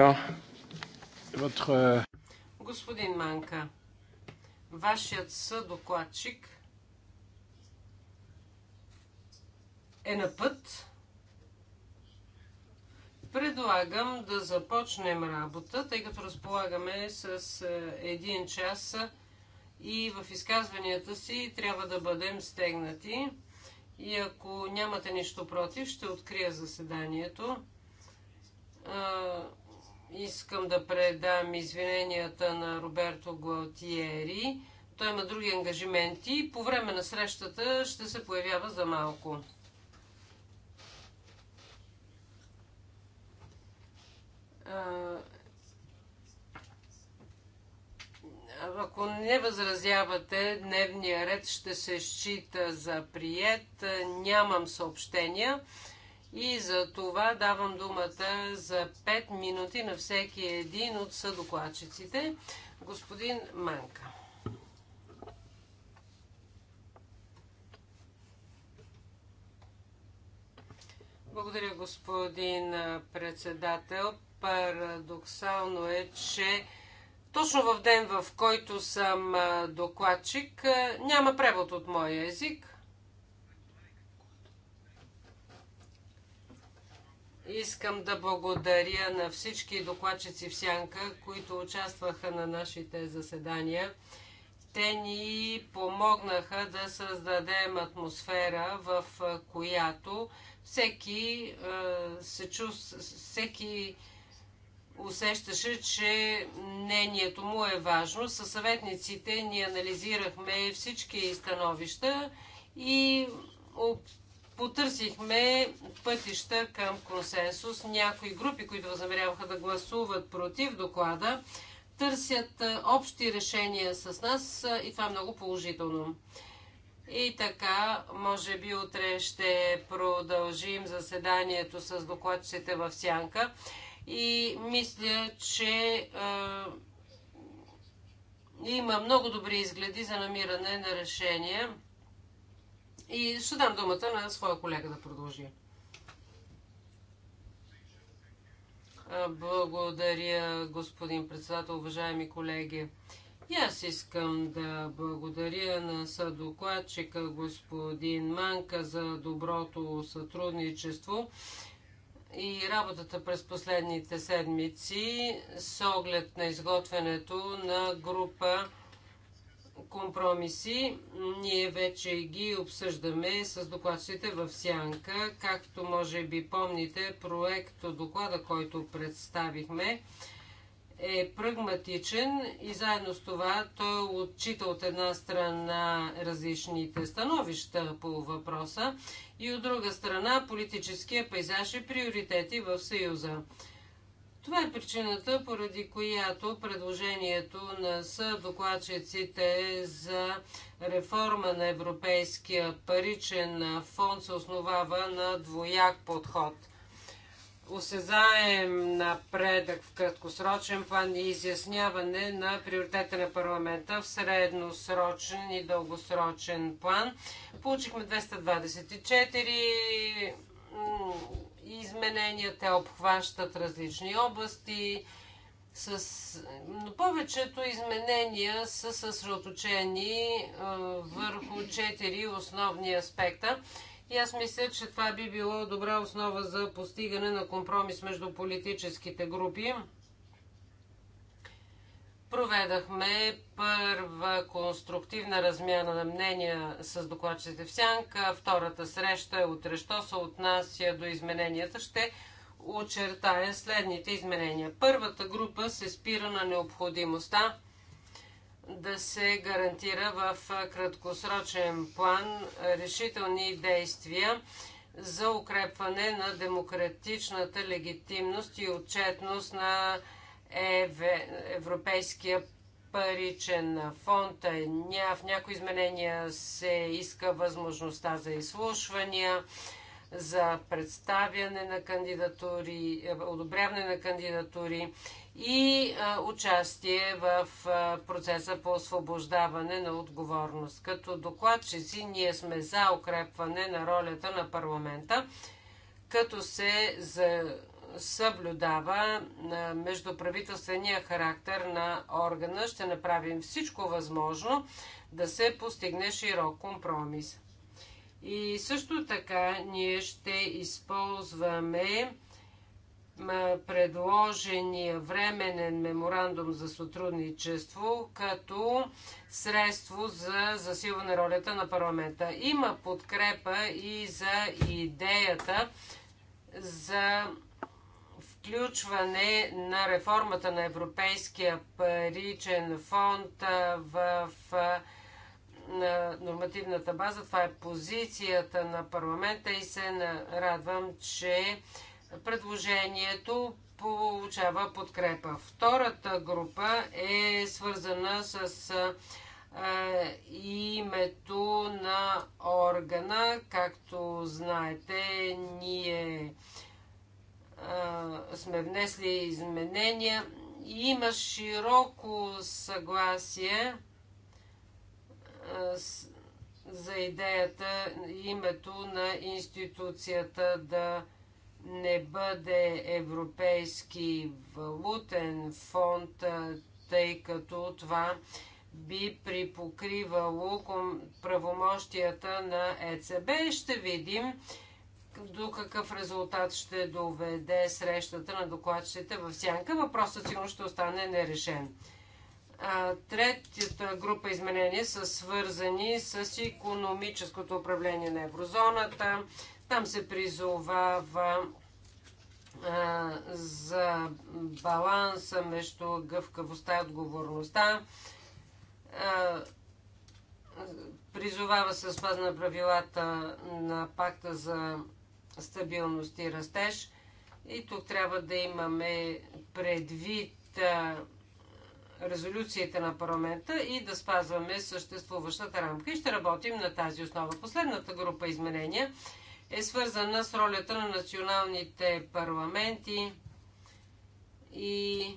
Е, господин Манка, вашият съдокладчик е на път. Предлагам да започнем работа, тъй като разполагаме с е, един час и в изказванията си трябва да бъдем стегнати. И ако нямате нищо против, ще открия заседанието. Е, Искам да предам извиненията на Роберто Гуалтиери. Той има други ангажименти. По време на срещата ще се появява за малко. Ако не възразявате, дневния ред ще се счита за прият. Нямам съобщения. И за това давам думата за 5 минути на всеки един от съдокладчиците. Господин Манка. Благодаря, господин председател. Парадоксално е, че точно в ден, в който съм докладчик, няма превод от моя език. Искам да благодаря на всички докладчици в Сянка, които участваха на нашите заседания. Те ни помогнаха да създадем атмосфера, в която всеки, се чувств... всеки усещаше, че мнението му е важно. Със съветниците ни анализирахме всички становища и потърсихме пътища към консенсус. Някои групи, които възнамеряваха да гласуват против доклада, търсят общи решения с нас и това е много положително. И така, може би утре ще продължим заседанието с докладчите в Сянка. И мисля, че е, има много добри изгледи за намиране на решения. И ще дам думата на своя колега да продължи. Благодаря, господин председател, уважаеми колеги. И аз искам да благодаря на съдокладчика господин Манка за доброто сътрудничество и работата през последните седмици с оглед на изготвянето на група компромиси. Ние вече ги обсъждаме с докладците в Сянка. Както може би помните, проекто доклада, който представихме, е прагматичен и заедно с това той отчита от една страна различните становища по въпроса и от друга страна политическия пейзаж и приоритети в Съюза. Това е причината, поради която предложението на съдокладчиците за реформа на Европейския паричен фонд се основава на двояк подход. Осезаем напредък в краткосрочен план и изясняване на приоритета на парламента в средносрочен и дългосрочен план. Получихме 224 изменения. Те обхващат различни области. С... Но повечето изменения са съсредоточени е, върху четири основни аспекта. И аз мисля, че това би било добра основа за постигане на компромис между политическите групи. Проведахме първа конструктивна размяна на мнения с докладчите в Сянка. Втората среща е утре. Що се отнася до измененията, ще очертая следните изменения. Първата група се спира на необходимостта да се гарантира в краткосрочен план решителни действия за укрепване на демократичната легитимност и отчетност на ЕВ, Европейския паричен фонд. Е, ня, в някои изменения се иска възможността за изслушвания, за представяне на кандидатури, е, одобряване на кандидатури и а, е, участие в а, процеса по освобождаване на отговорност. Като докладчици ние сме за укрепване на ролята на парламента, като се за съблюдава междуправителствения характер на органа. Ще направим всичко възможно да се постигне широк компромис. И също така ние ще използваме предложения временен меморандум за сътрудничество като средство за засилване ролята на парламента. Има подкрепа и за идеята за включване на реформата на Европейския паричен фонд в нормативната база. Това е позицията на парламента и се радвам, че предложението получава подкрепа. Втората група е свързана с името на органа. Както знаете, ние сме внесли изменения. Има широко съгласие за идеята името на институцията да не бъде Европейски валутен фонд, тъй като това би припокривало правомощията на ЕЦБ. Ще видим до какъв резултат ще доведе срещата на докладчите в Сянка. Въпросът сигурно ще остане нерешен. Третата група изменения са свързани с економическото управление на еврозоната. Там се призовава за баланса между гъвкавостта и отговорността. Призовава се спазна правилата на пакта за стабилност и растеж. И тук трябва да имаме предвид резолюциите на парламента и да спазваме съществуващата рамка и ще работим на тази основа. Последната група изменения е свързана с ролята на националните парламенти и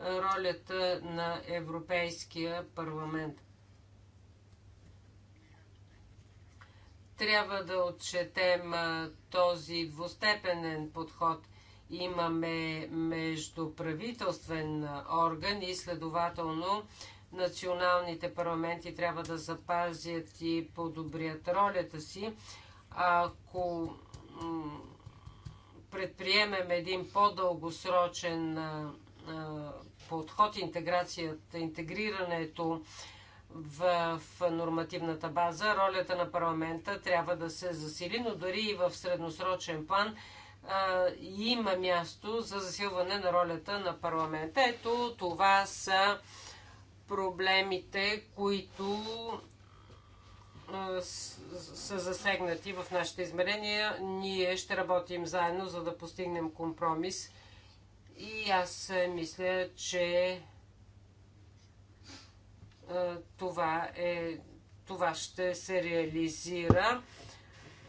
ролята на Европейския парламент. Трябва да отчетем този двустепенен подход. Имаме междуправителствен орган и следователно националните парламенти трябва да запазят и подобрят ролята си. Ако предприемем един по-дългосрочен подход, интеграцията, интегрирането в нормативната база. Ролята на парламента трябва да се засили, но дори и в средносрочен план а, има място за засилване на ролята на парламента. Ето това са проблемите, които са засегнати в нашите измерения. Ние ще работим заедно, за да постигнем компромис. И аз мисля, че е, това, е, това ще се реализира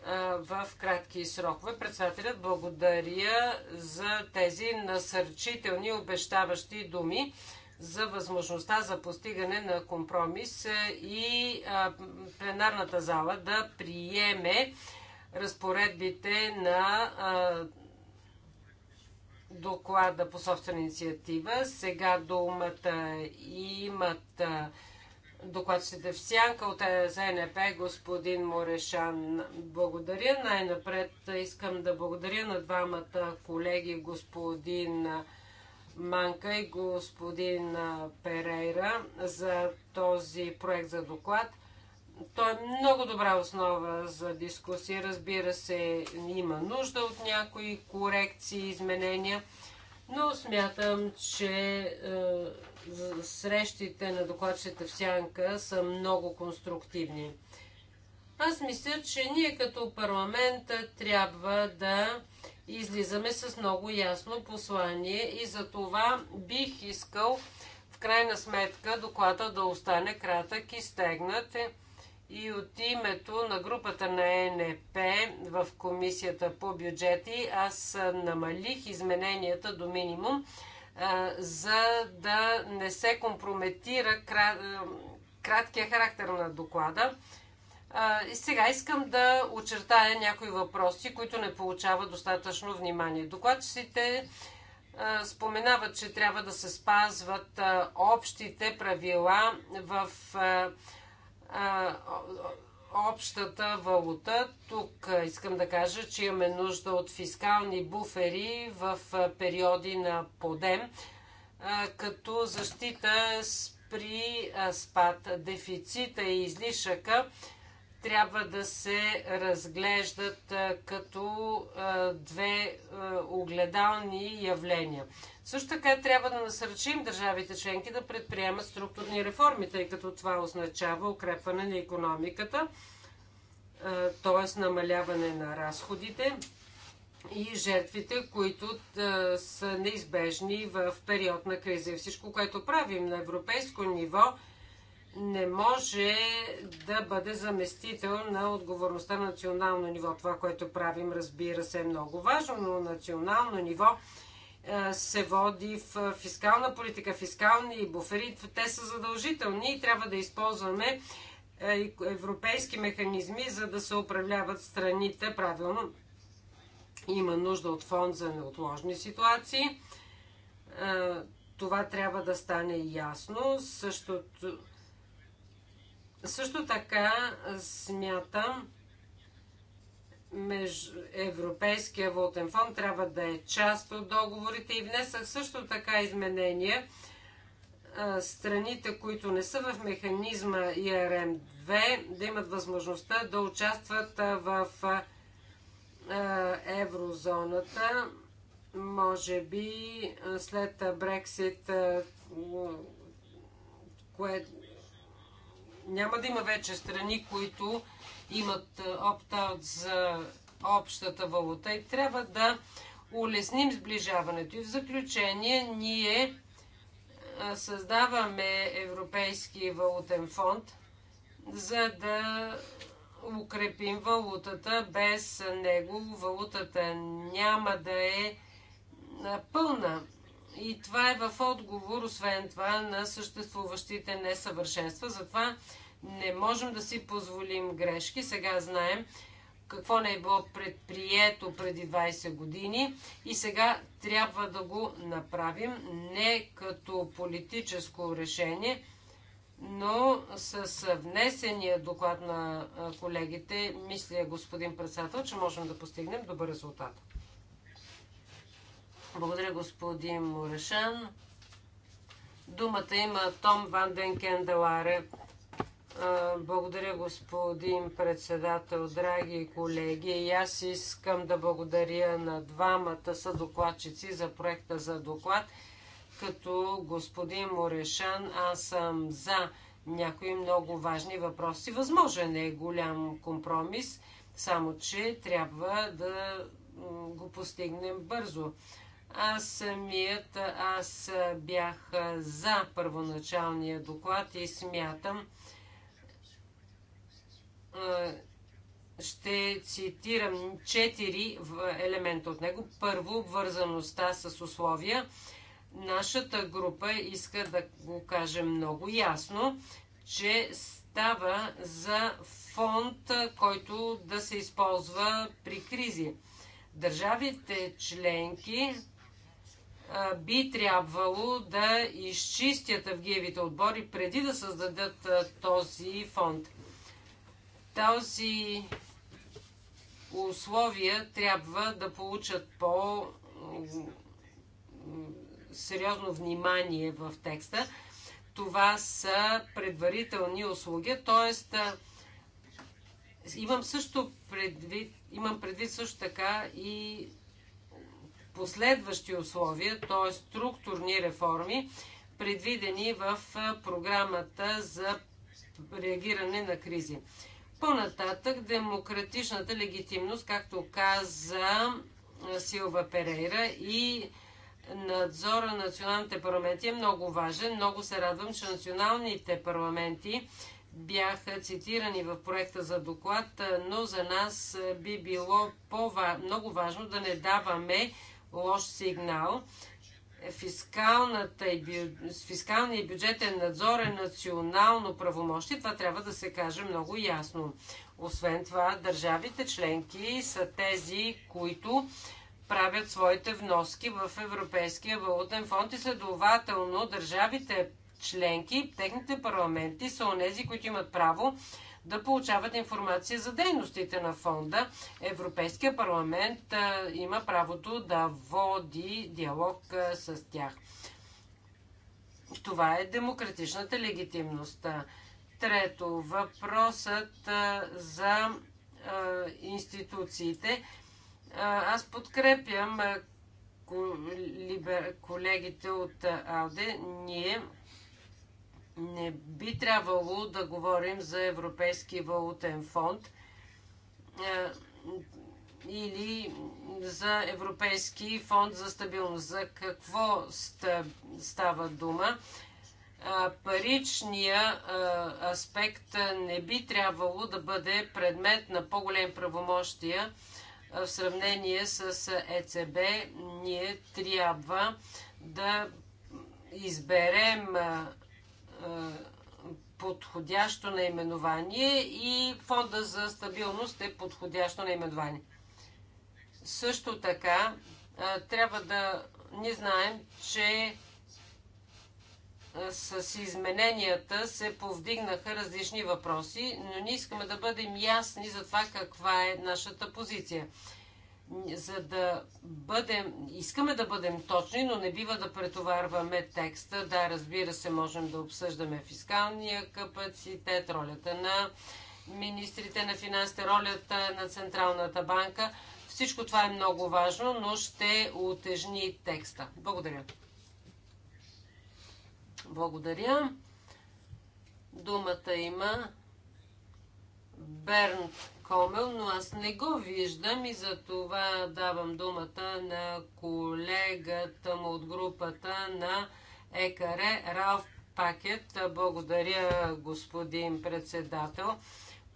е, в кратки срокове. Председателят благодаря за тези насърчителни обещаващи думи за възможността за постигане на компромис и е, пленарната зала да приеме разпоредбите на доклада по собствена инициатива. Сега думата имат докладчите в сянка от СНП господин Морешан. Благодаря. Най-напред искам да благодаря на двамата колеги, господин Манка и господин Перейра за този проект за доклад – той е много добра основа за дискусия. Разбира се, има нужда от някои корекции, изменения, но смятам, че е, срещите на докладчите в Сянка са много конструктивни. Аз мисля, че ние като парламент трябва да излизаме с много ясно послание и за това бих искал в крайна сметка доклада да остане кратък и стегнат и от името на групата на ЕНП в комисията по бюджети аз намалих измененията до минимум, за да не се компрометира краткия характер на доклада. И сега искам да очертая някои въпроси, които не получават достатъчно внимание. Докладчиците споменават, че трябва да се спазват общите правила в общата валута. Тук искам да кажа, че имаме нужда от фискални буфери в периоди на подем, като защита при спад дефицита и излишъка трябва да се разглеждат като две огледални явления. Също така трябва да насърчим държавите членки да предприемат структурни реформи, тъй като това означава укрепване на економиката, т.е. намаляване на разходите и жертвите, които са неизбежни в период на криза. всичко, което правим на европейско ниво, не може да бъде заместител на отговорността на национално ниво. Това, което правим, разбира се, е много важно, но национално ниво е, се води в е, фискална политика, фискални буфери. Те са задължителни и трябва да използваме е, европейски механизми, за да се управляват страните правилно. Има нужда от фонд за неотложни ситуации. Това трябва да стане ясно. Същото също така смятам, Европейския валутен фонд трябва да е част от договорите и внесах също така изменения страните, които не са в механизма ИРМ-2, да имат възможността да участват в еврозоната. Може би след Брексит, което няма да има вече страни, които имат е, опт-аут за общата валута и трябва да улесним сближаването. И в заключение ние е, създаваме Европейски валутен фонд, за да укрепим валутата. Без него валутата няма да е пълна. И това е в отговор, освен това, на съществуващите несъвършенства. Затова не можем да си позволим грешки. Сега знаем какво не е било предприето преди 20 години и сега трябва да го направим не като политическо решение, но с внесения доклад на колегите, мисля господин председател, че можем да постигнем добър резултат. Благодаря, господин Морешан. Думата има Том Ван Ден Кенделаре. Благодаря, господин председател, драги колеги. И аз искам да благодаря на двамата съдокладчици за проекта за доклад. Като господин Морешан, аз съм за някои много важни въпроси. Възможен е голям компромис, само че трябва да го постигнем бързо. Аз самият, аз бях за първоначалния доклад и смятам, ще цитирам четири елемента от него. Първо, вързаността с условия. Нашата група иска да го каже много ясно, че става за фонд, който да се използва при кризи. Държавите членки би трябвало да изчистят авгиевите отбори преди да създадат този фонд. Този условия трябва да получат по сериозно внимание в текста. Това са предварителни услуги, т.е. имам също предвид, имам предвид също така и последващи условия, т.е. структурни реформи, предвидени в програмата за реагиране на кризи. По-нататък демократичната легитимност, както каза Силва Перейра и надзора на националните парламенти е много важен. Много се радвам, че националните парламенти бяха цитирани в проекта за доклад, но за нас би било много важно да не даваме лош сигнал. Фискалната и бю... Фискалния и бюджетен надзор е национално правомощие. Това трябва да се каже много ясно. Освен това, държавите членки са тези, които правят своите вноски в Европейския валутен фонд и следователно държавите членки, техните парламенти са онези, които имат право да получават информация за дейностите на фонда. Европейския парламент има правото да води диалог с тях. Това е демократичната легитимност. Трето, въпросът за институциите. Аз подкрепям колегите от АЛДЕ. Ние не би трябвало да говорим за Европейски валутен фонд е, или за Европейски фонд за стабилност. За какво става дума? Е, паричния е, аспект не би трябвало да бъде предмет на по-големи правомощия в сравнение с ЕЦБ. Ние трябва да изберем е, подходящо наименование и фонда за стабилност е подходящо наименование. Също така, е, трябва да ни знаем, че е, с измененията се повдигнаха различни въпроси, но ние искаме да бъдем ясни за това каква е нашата позиция за да бъдем, искаме да бъдем точни, но не бива да претоварваме текста. Да, разбира се, можем да обсъждаме фискалния капацитет, ролята на министрите на финансите, ролята на Централната банка. Всичко това е много важно, но ще утежни текста. Благодаря. Благодаря. Думата има Бернт Комел, но аз не го виждам и за това давам думата на колегата му от групата на ЕКАРЕ Ралф Пакет. Благодаря, господин председател.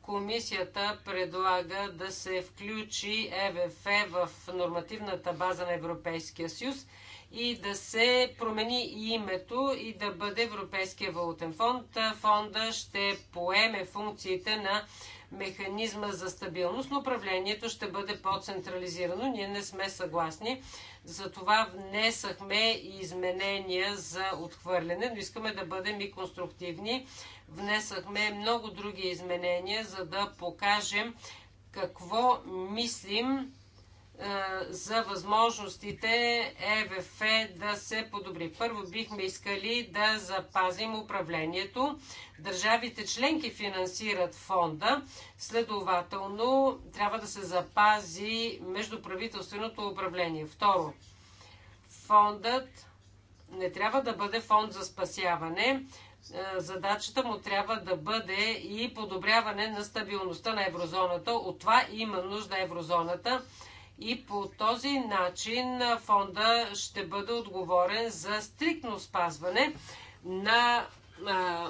Комисията предлага да се включи ЕВФ в нормативната база на Европейския съюз и да се промени името и да бъде Европейския валутен фонд. Фонда ще поеме функциите на механизма за стабилност, но управлението ще бъде по-централизирано. Ние не сме съгласни. Затова внесахме и изменения за отхвърляне, но искаме да бъдем и конструктивни. Внесахме много други изменения, за да покажем какво мислим е, за възможностите ЕВФ да се подобри. Първо бихме искали да запазим управлението. Държавите членки финансират фонда, следователно трябва да се запази междуправителственото управление. Второ, фондът не трябва да бъде фонд за спасяване. Е, задачата му трябва да бъде и подобряване на стабилността на еврозоната. От това има нужда еврозоната и по този начин фонда ще бъде отговорен за стриктно спазване на а,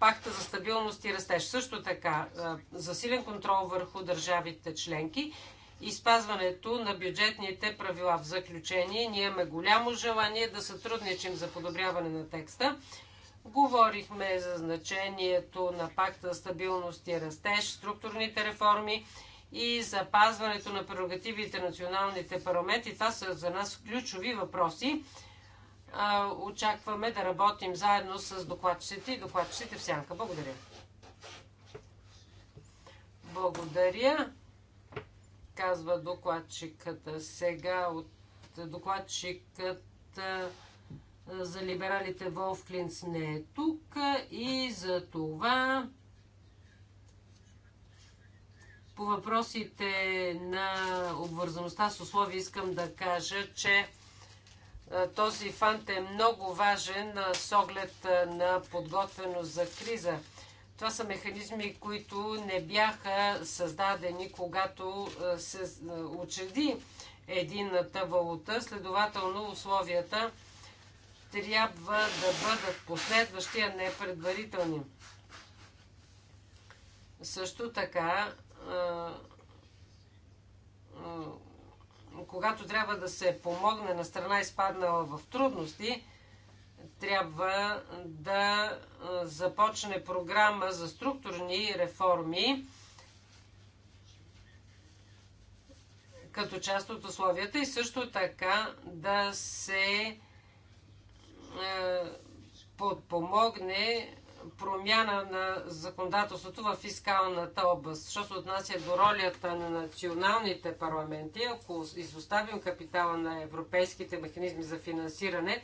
пакта за стабилност и растеж. Също така, а, засилен контрол върху държавите членки и спазването на бюджетните правила. В заключение, ние имаме голямо желание да сътрудничим за подобряване на текста. Говорихме за значението на пакта за стабилност и растеж, структурните реформи, и запазването на прерогативите на националните парламенти. Това са за нас ключови въпроси. Очакваме да работим заедно с докладчиците и докладчиците в сянка. Благодаря. Благодаря, казва докладчиката. Сега от докладчиката за либералите Волф Клинс не е тук и за това по въпросите на обвързаността с условия искам да кажа, че този фант е много важен с оглед на подготвеност за криза. Това са механизми, които не бяха създадени, когато се учреди единната валута. Следователно, условията трябва да бъдат последващи, а не предварителни. Също така, когато трябва да се помогне на страна изпаднала в трудности, трябва да започне програма за структурни реформи като част от условията и също така да се подпомогне промяна на законодателството в фискалната област. Що се отнася до ролята на националните парламенти, ако изоставим капитала на европейските механизми за финансиране,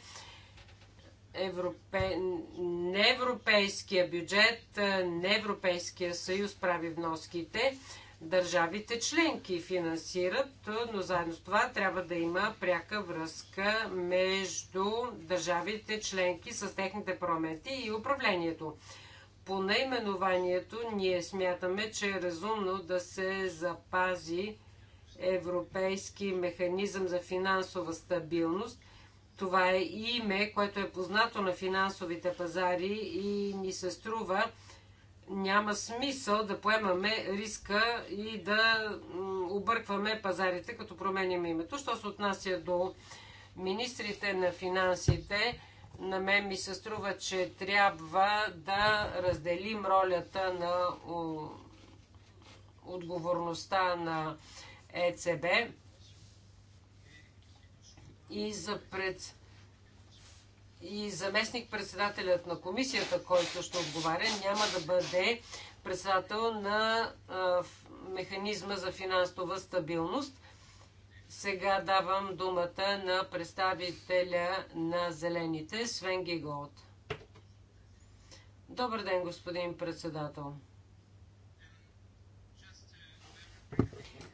европе... неевропейския бюджет, неевропейския съюз прави вноските, държавите членки финансират, но заедно с това трябва да има пряка връзка между държавите членки с техните парламенти и управлението. По наименованието ние смятаме, че е разумно да се запази Европейски механизъм за финансова стабилност. Това е име, което е познато на финансовите пазари и ни се струва, няма смисъл да поемаме риска и да объркваме пазарите, като променяме името. Що се отнася до министрите на финансите, на мен ми се струва, че трябва да разделим ролята на отговорността на ЕЦБ и за пред и заместник-председателят на комисията, който ще отговаря, няма да бъде председател на механизма за финансова стабилност. Сега давам думата на представителя на Зелените, Свен Гиголт. Добър ден, господин председател.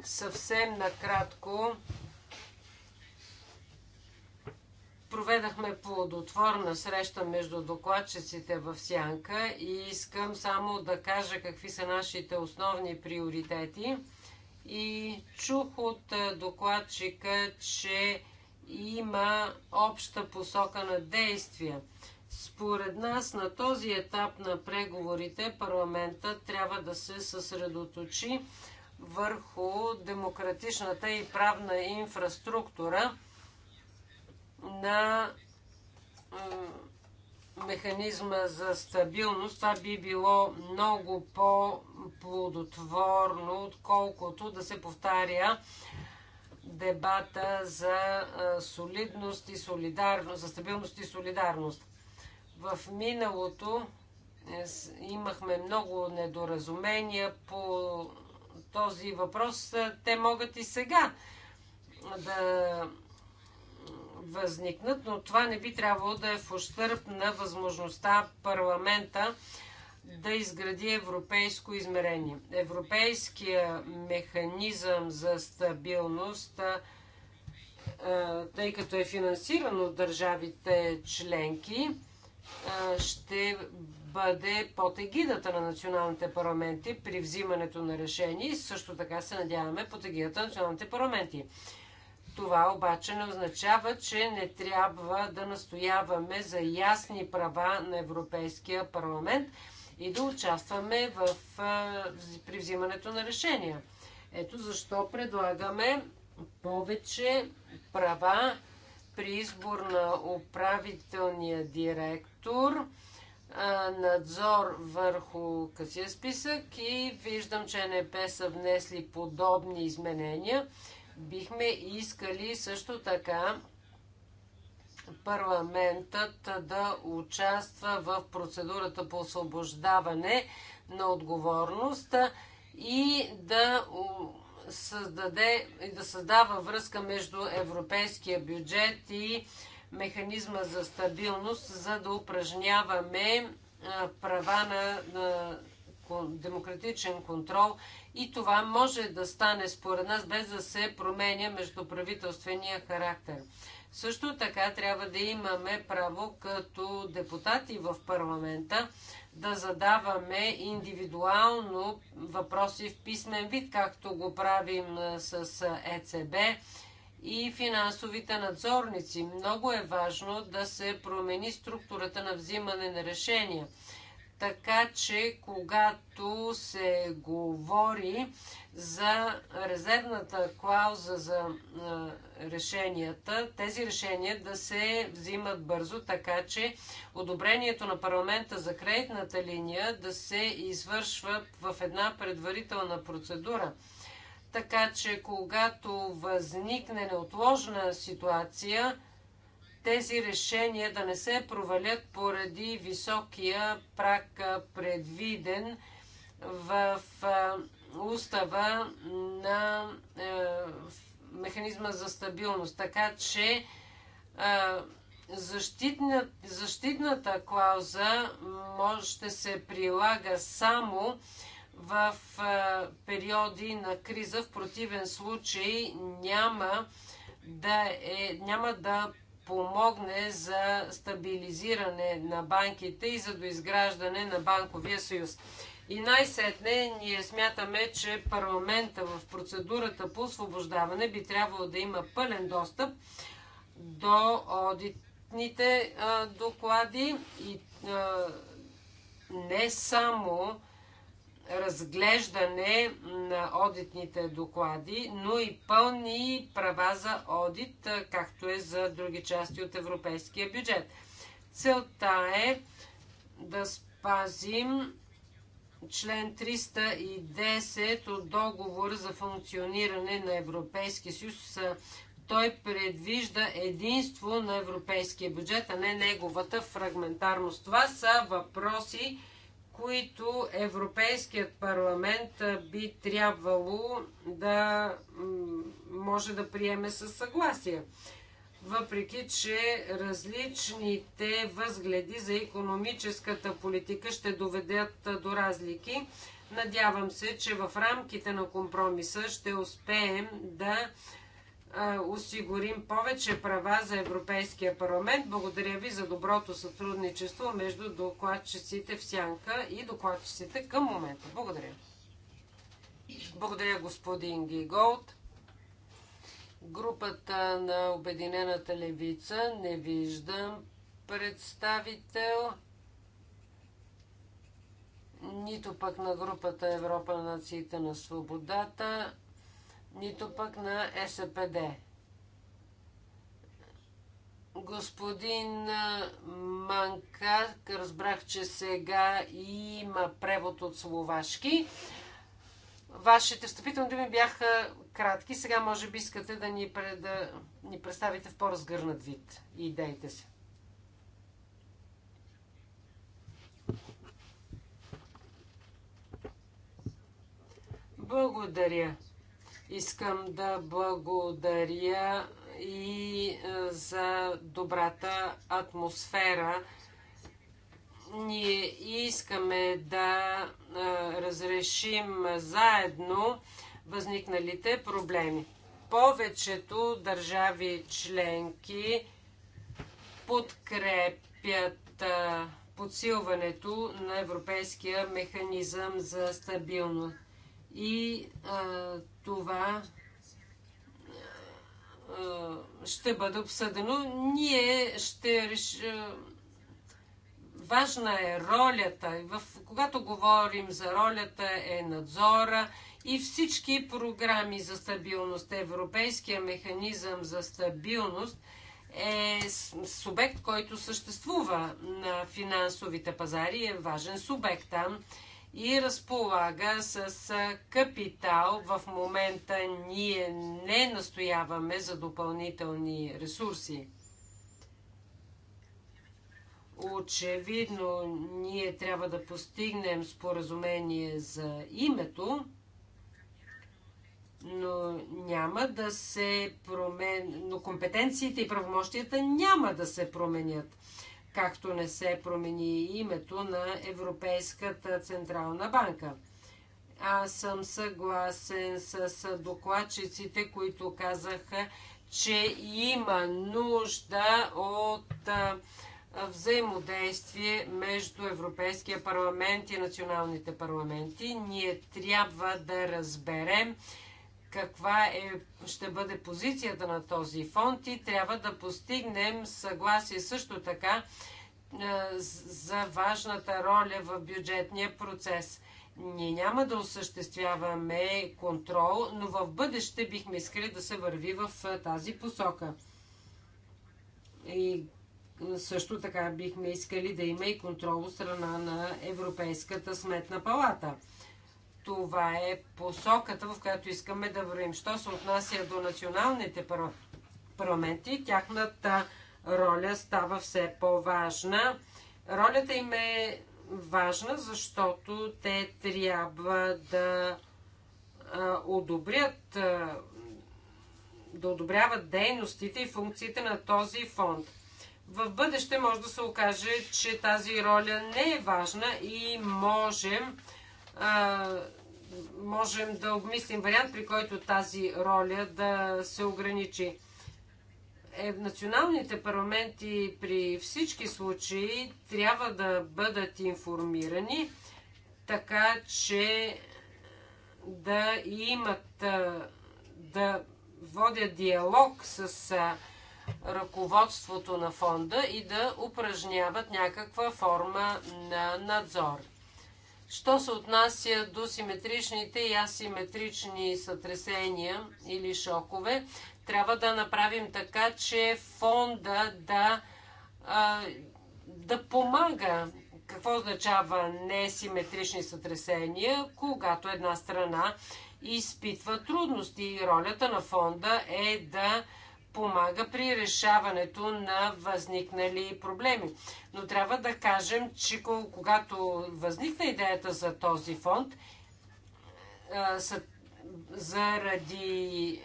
Съвсем накратко Проведахме плодотворна среща между докладчиците в Сянка и искам само да кажа какви са нашите основни приоритети. И чух от е, докладчика, че има обща посока на действия. Според нас на този етап на преговорите парламента трябва да се съсредоточи върху демократичната и правна инфраструктура – на механизма за стабилност, това би било много по-плодотворно, отколкото да се повтаря дебата за солидност и солидарност, за стабилност и солидарност. В миналото е, имахме много недоразумения по този въпрос. Те могат и сега да възникнат, но това не би трябвало да е в ущърп на възможността парламента да изгради европейско измерение. Европейския механизъм за стабилност, тъй като е финансиран от държавите членки, ще бъде под егидата на националните парламенти при взимането на решения и също така се надяваме под егидата на националните парламенти. Това обаче не означава, че не трябва да настояваме за ясни права на Европейския парламент и да участваме в, при взимането на решения. Ето защо предлагаме повече права при избор на управителния директор, надзор върху късия списък и виждам, че НП са внесли подобни изменения – Бихме искали също така парламентът да участва в процедурата по освобождаване на отговорност и да създаде, да създава връзка между европейския бюджет и механизма за стабилност, за да упражняваме права на демократичен контрол и това може да стане според нас, без да се променя междуправителствения характер. Също така трябва да имаме право като депутати в парламента да задаваме индивидуално въпроси в писмен вид, както го правим с ЕЦБ и финансовите надзорници. Много е важно да се промени структурата на взимане на решения така че, когато се говори за резервната клауза за решенията, тези решения да се взимат бързо, така че одобрението на парламента за кредитната линия да се извършва в една предварителна процедура. Така че, когато възникне неотложна ситуация, тези решения да не се провалят поради високия прак, предвиден в устава на е, механизма за стабилност. Така че защитна, защитната клауза може, ще се прилага само в периоди на криза. В противен случай няма да, е, няма да помогне за стабилизиране на банките и за доизграждане на банковия съюз. И най-сетне ние смятаме, че парламента в процедурата по освобождаване би трябвало да има пълен достъп до одитните доклади и не само разглеждане на одитните доклади, но и пълни права за одит, както е за други части от европейския бюджет. Целта е да спазим член 310 от договор за функциониране на Европейския съюз. Той предвижда единство на европейския бюджет, а не неговата фрагментарност. Това са въпроси, които Европейският парламент би трябвало да може да приеме със съгласие. Въпреки, че различните възгледи за економическата политика ще доведат до разлики, надявам се, че в рамките на компромиса ще успеем да осигурим повече права за Европейския парламент. Благодаря ви за доброто сътрудничество между докладчиците в Сянка и докладчиците към момента. Благодаря. Благодаря господин Гиголд. Групата на Обединената левица не виждам представител нито пък на групата Европа на нациите на свободата нито пък на СПД. Господин Манка, разбрах, че сега има превод от словашки. Вашите встъпителни думи бяха кратки. Сега може би искате да ни, да ни представите в по-разгърнат вид и идеите си. Благодаря. Искам да благодаря и е, за добрата атмосфера. Ние искаме да е, разрешим заедно възникналите проблеми. Повечето държави членки подкрепят е, подсилването на Европейския механизъм за стабилност. И а, това е, ще бъде обсъдено. Ние ще реш... Е, важна е ролята. В, когато говорим за ролята е надзора и всички програми за стабилност. Европейския механизъм за стабилност е субект, който съществува на финансовите пазари, е важен субект там и разполага с капитал. В момента ние не настояваме за допълнителни ресурси. Очевидно, ние трябва да постигнем споразумение за името, но няма да се промен... но компетенциите и правомощията няма да се променят както не се промени името на Европейската Централна банка. Аз съм съгласен с докладчиците, които казаха, че има нужда от взаимодействие между Европейския парламент и националните парламенти. Ние трябва да разберем каква е, ще бъде позицията на този фонд и трябва да постигнем съгласие също така е, за важната роля в бюджетния процес. Ние няма да осъществяваме контрол, но в бъдеще бихме искали да се върви в е, тази посока. И е, също така бихме искали да има и контрол от страна на Европейската сметна палата това е посоката, в която искаме да вървим. Що се отнася до националните парламенти, тяхната роля става все по-важна. Ролята им е важна, защото те трябва да одобрят, да одобряват дейностите и функциите на този фонд. В бъдеще може да се окаже, че тази роля не е важна и можем можем да обмислим вариант, при който тази роля да се ограничи. Е, националните парламенти при всички случаи трябва да бъдат информирани, така че да имат, да водят диалог с ръководството на фонда и да упражняват някаква форма на надзор. Що се отнася до симетричните и асиметрични сътресения или шокове, трябва да направим така, че фонда да, да помага. Какво означава несиметрични сътресения, когато една страна изпитва трудности? Ролята на фонда е да помага при решаването на възникнали проблеми. Но трябва да кажем, че когато възникна идеята за този фонд, заради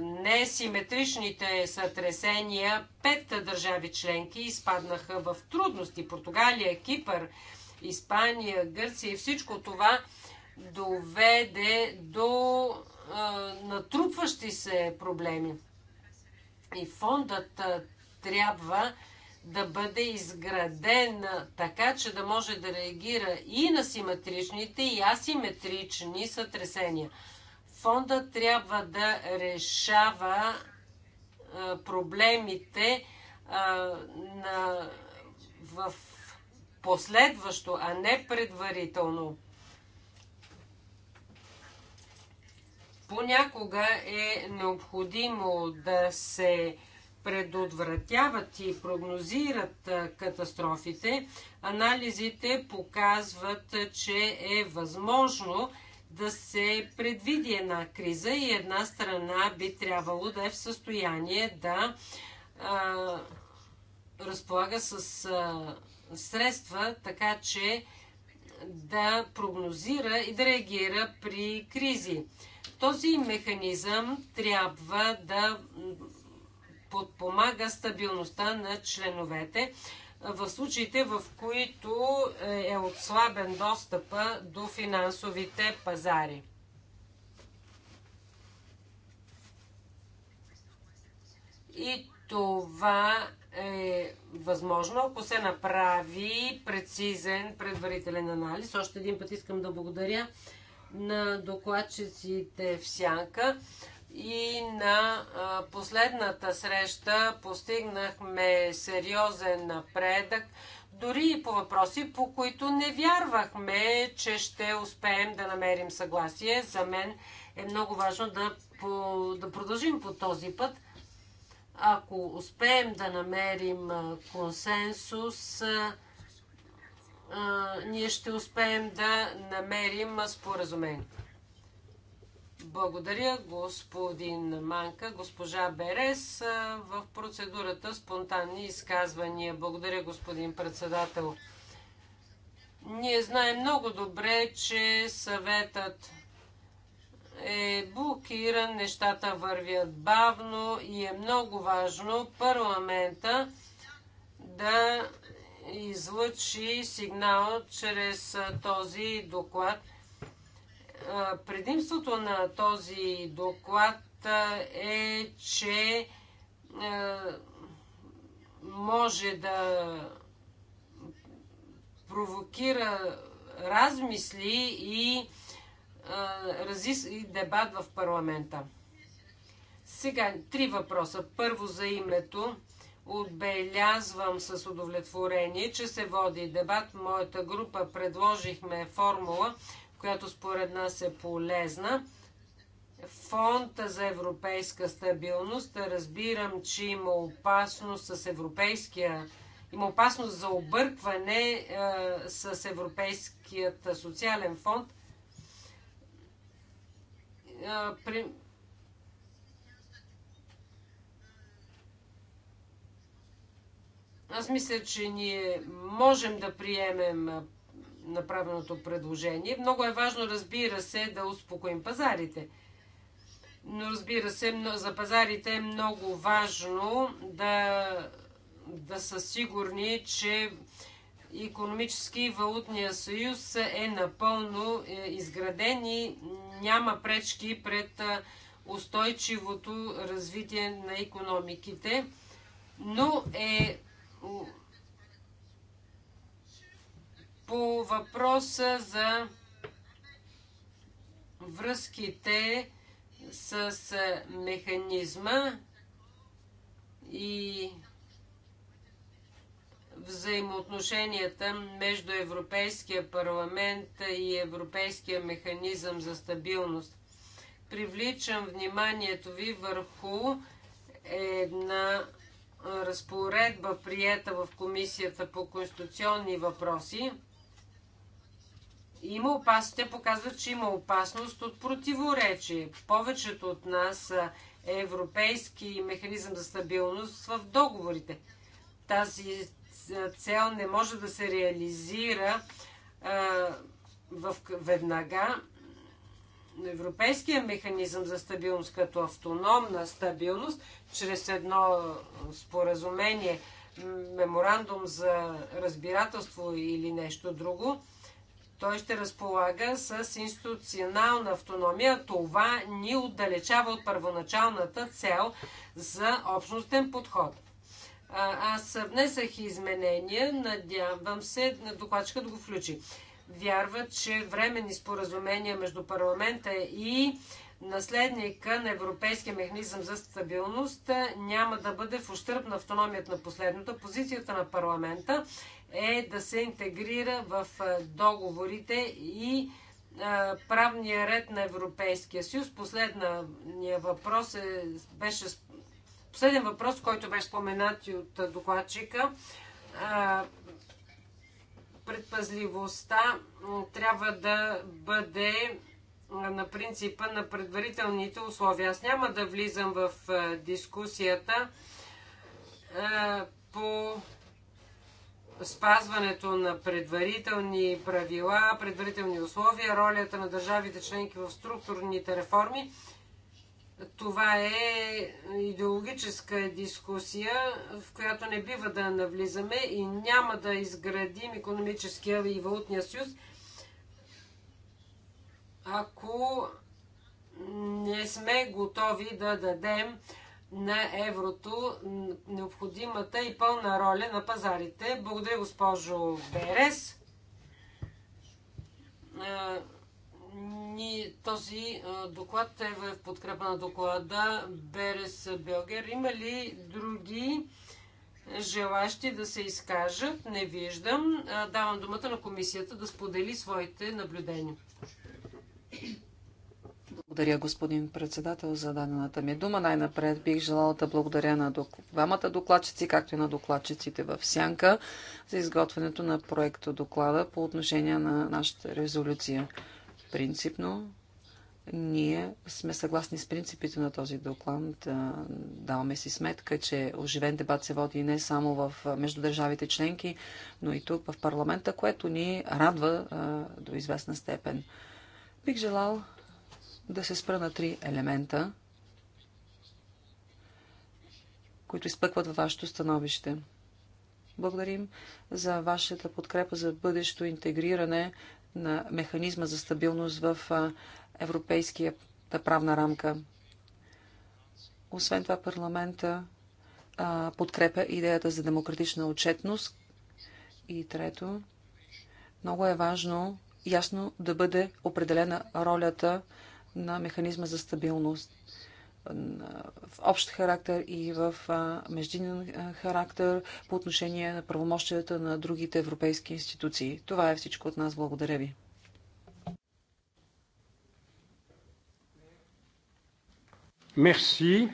несиметричните сътресения, пет държави членки изпаднаха в трудности. Португалия, Кипър, Испания, Гърция и всичко това доведе до натрупващи се проблеми. И фондът трябва да бъде изграден така, че да може да реагира и на симетричните, и асиметрични сътресения. Фонда трябва да решава проблемите на, в последващо, а не предварително. Понякога е необходимо да се предотвратяват и прогнозират катастрофите. Анализите показват, че е възможно да се предвиди една криза и една страна би трябвало да е в състояние да а, разполага с а, средства, така че да прогнозира и да реагира при кризи. Този механизъм трябва да подпомага стабилността на членовете в случаите, в които е, е отслабен достъпа до финансовите пазари. И това е възможно, ако се направи прецизен предварителен анализ. Още един път искам да благодаря на докладчиците в Сянка и на последната среща постигнахме сериозен напредък, дори и по въпроси, по които не вярвахме, че ще успеем да намерим съгласие. За мен е много важно да, по, да продължим по този път. Ако успеем да намерим консенсус, ние ще успеем да намерим споразумение. Благодаря, господин Манка, госпожа Берес, в процедурата спонтанни изказвания. Благодаря, господин председател. Ние знаем много добре, че съветът е блокиран, нещата вървят бавно и е много важно парламента да излъчи сигнал чрез този доклад. Предимството на този доклад е, че може да провокира размисли и, и дебат в парламента. Сега три въпроса. Първо за името. Отбелязвам с удовлетворение, че се води дебат. в Моята група предложихме формула, която според нас е полезна. Фонда за европейска стабилност. Разбирам, че има опасност с европейския има опасност за объркване е, с Европейският социален фонд. Е, при, Аз мисля, че ние можем да приемем направеното предложение. Много е важно, разбира се, да успокоим пазарите. Но разбира се, за пазарите е много важно да, да са сигурни, че економически валутния съюз е напълно е, изграден и няма пречки пред устойчивото развитие на економиките, но е по въпроса за връзките с е, механизма и взаимоотношенията между Европейския парламент и Европейския механизъм за стабилност. Привличам вниманието ви върху една разпоредба, приета в Комисията по конституционни въпроси, има опасност, те показват, че има опасност от противоречие. Повечето от нас е европейски механизъм за стабилност в договорите. Тази цел не може да се реализира а, в, веднага европейския механизъм за стабилност като автономна стабилност, чрез едно споразумение, меморандум за разбирателство или нещо друго, той ще разполага с институционална автономия. Това ни отдалечава от първоначалната цел за общностен подход. Аз внесах изменения, надявам се на докладчика да го включи вярват, че временни споразумения между парламента и наследника на Европейския механизъм за стабилност няма да бъде в ущърп на автономията на последното. Позицията на парламента е да се интегрира в договорите и правния ред на Европейския съюз. Последния въпрос е, беше последен въпрос, който беше споменат и от докладчика Предпазливостта трябва да бъде на принципа на предварителните условия. Аз няма да влизам в дискусията по спазването на предварителни правила, предварителни условия, ролята на държавите членки в структурните реформи това е идеологическа дискусия, в която не бива да навлизаме и няма да изградим економическия и валутния съюз, ако не сме готови да дадем на еврото необходимата и пълна роля на пазарите. Благодаря, госпожо Берес ни, този доклад е в подкрепа на доклада Берес Белгер. Има ли други желащи да се изкажат? Не виждам. Давам думата на комисията да сподели своите наблюдения. Благодаря, господин председател, за дадената ми дума. Най-напред бих желала да благодаря на двамата докладчици, както и на докладчиците в Сянка за изготвянето на проекта доклада по отношение на нашата резолюция. Принципно, ние сме съгласни с принципите на този доклад. Даваме си сметка, че оживен дебат се води не само в, между държавите членки, но и тук в парламента, което ни радва до известна степен. Бих желал да се спра на три елемента, които изпъкват във вашето становище. Благодарим за вашата подкрепа за бъдещо интегриране на механизма за стабилност в европейската правна рамка. Освен това, парламента подкрепя идеята за демократична отчетност. И трето, много е важно ясно да бъде определена ролята на механизма за стабилност в общ характер и в междинен характер по отношение на правомощията на другите европейски институции. Това е всичко от нас. Благодаря ви. Мерси.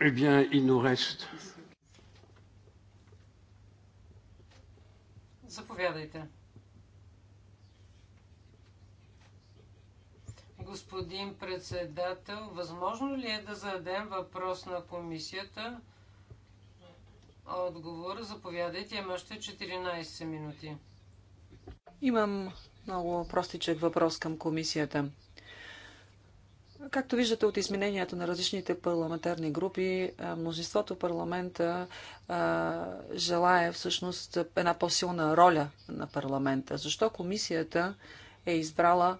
Eh и il Заповядайте. господин председател. Възможно ли е да зададем въпрос на комисията? Отговор, заповядайте, има още 14 минути. Имам много простичък въпрос към комисията. Както виждате от измененията на различните парламентарни групи, множеството парламента а, желая всъщност една по-силна роля на парламента. Защо комисията е избрала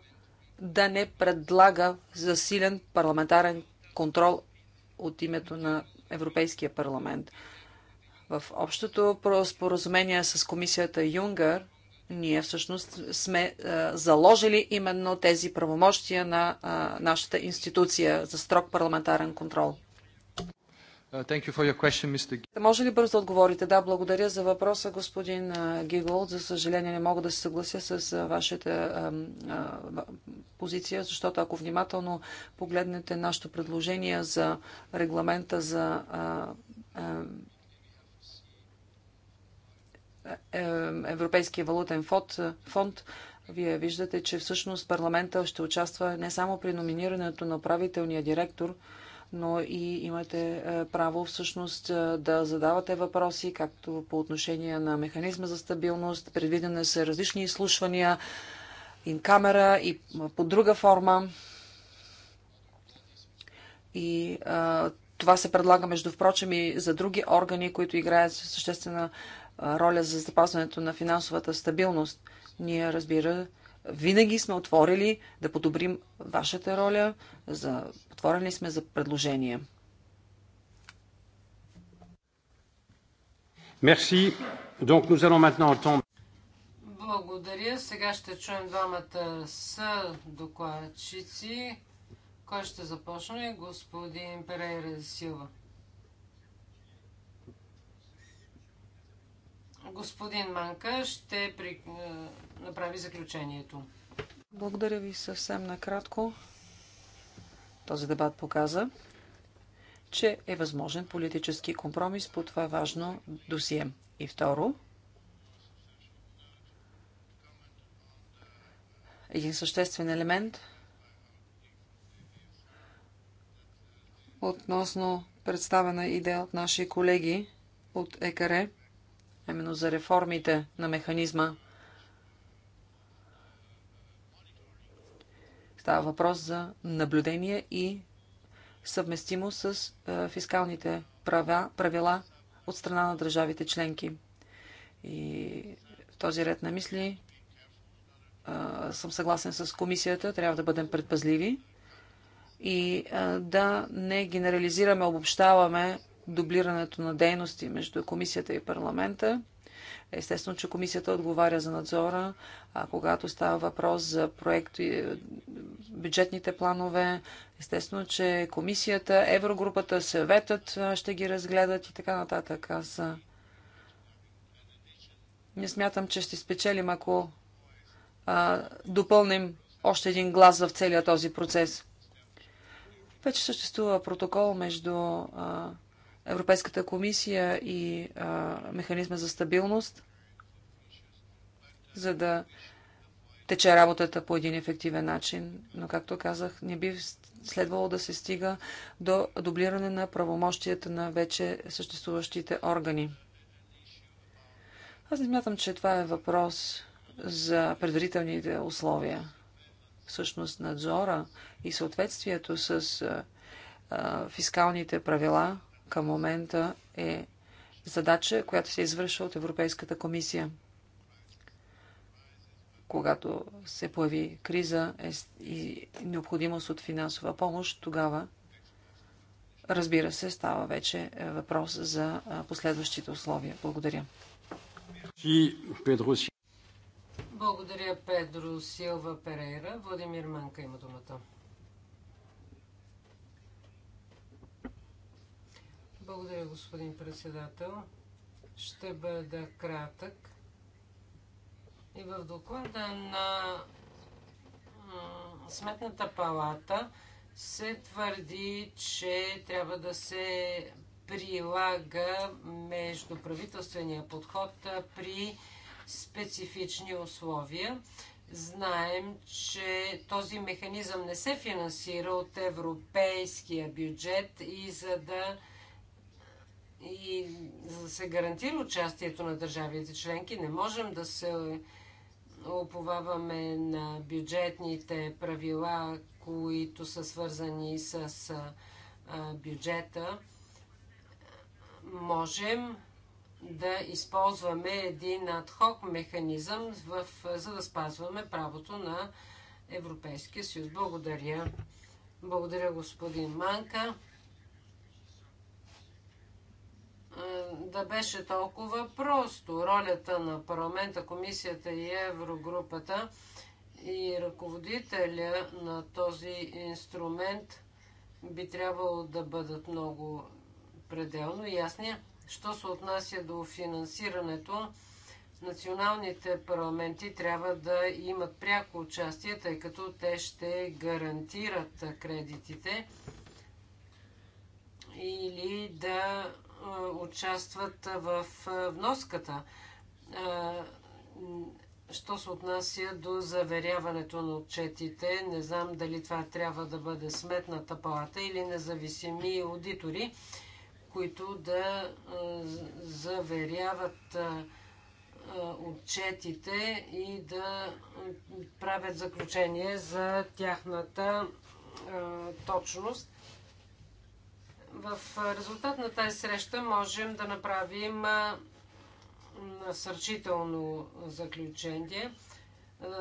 да не предлага засилен парламентарен контрол от името на Европейския парламент. В общото споразумение с комисията Юнгър ние всъщност сме а, е, заложили именно тези правомощия на а, е, нашата институция за строг парламентарен контрол. Uh, you question, Може ли бързо да отговорите? Да, благодаря за въпроса, господин Гигол. За съжаление не мога да се съглася с вашата позиция, защото ако внимателно погледнете нашето предложение за регламента за е, Европейския валутен фонд, вие виждате, че всъщност парламента ще участва не само при номинирането на управителния директор, но и имате е, право всъщност е, да задавате въпроси, както по отношение на механизма за стабилност. Предвидени са различни изслушвания, ин камера и по друга форма. И а, е, това се предлага, между впрочем, и за други органи, които играят съществена роля за запазването на финансовата стабилност. Ние, разбира се, винаги сме отворили да подобрим вашата роля. За... Отворени сме за предложения. Merci. Donc nous allons maintenant entendre... Благодаря. Сега ще чуем двамата с докладчици. Кой ще започне? Господин Перейра Силва. Господин Манка ще при... Е, направи заключението. Благодаря ви съвсем накратко. Този дебат показа, че е възможен политически компромис по това важно досие. И второ, един съществен елемент относно представена идея от наши колеги от ЕКАРЕ – именно за реформите на механизма. Става въпрос за наблюдение и съвместимо с е, фискалните права, правила от страна на държавите членки. И в този ред на мисли е, съм съгласен с комисията, трябва да бъдем предпазливи и е, да не генерализираме, обобщаваме дублирането на дейности между комисията и парламента. Естествено, че комисията отговаря за надзора, а когато става въпрос за проекти, бюджетните планове, естествено, че комисията, Еврогрупата, съветът ще ги разгледат и така нататък. Аз не смятам, че ще спечелим, ако а, допълним още един глас в целия този процес. Вече съществува протокол между а, Европейската комисия и а, механизма за стабилност, за да тече работата по един ефективен начин. Но, както казах, не би следвало да се стига до дублиране на правомощията на вече съществуващите органи. Аз не смятам, че това е въпрос за предварителните условия. Всъщност надзора и съответствието с а, фискалните правила към момента е задача, която се извършва от Европейската комисия. Когато се появи криза е и необходимост от финансова помощ, тогава, разбира се, става вече е, въпрос за последващите условия. Благодаря. Благодаря, Педро Силва Перейра. Владимир Манка има думата. Благодаря, господин председател. Ще бъда кратък. И в доклада на Сметната палата се твърди, че трябва да се прилага междуправителствения подход при специфични условия. Знаем, че този механизъм не се финансира от европейския бюджет и за да и за да се гарантира участието на държавите членки, не можем да се оповаваме на бюджетните правила, които са свързани с бюджета. Можем да използваме един адхок механизъм, в, за да спазваме правото на Европейския съюз. Благодаря. Благодаря, господин Манка. Е, да беше толкова просто. Ролята на парламента, комисията и еврогрупата и ръководителя на този инструмент би трябвало да бъдат много пределно ясни. Що се отнася до финансирането, националните парламенти трябва да имат пряко участие, тъй като те ще гарантират кредитите или да участват в вноската. Що се отнася до заверяването на отчетите, не знам дали това трябва да бъде сметната палата или независими аудитори, които да заверяват отчетите и да правят заключение за тяхната точност. В резултат на тази среща можем да направим насърчително заключение.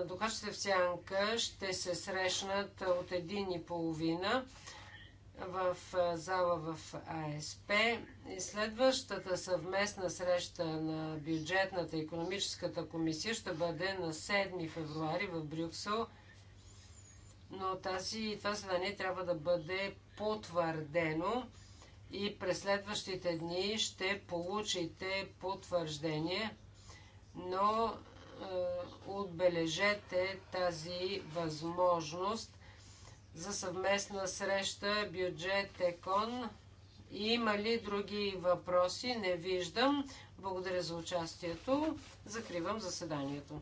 Докачите в сянка ще се срещнат от един и половина в зала в АСП. И следващата съвместна среща на бюджетната и економическата комисия ще бъде на 7 февруари в Брюксел. Но тази, това задание трябва да бъде потвърдено и през следващите дни ще получите потвърждение, но е, отбележете тази възможност за съвместна среща бюджет ЕКОН. Има ли други въпроси? Не виждам. Благодаря за участието. Закривам заседанието.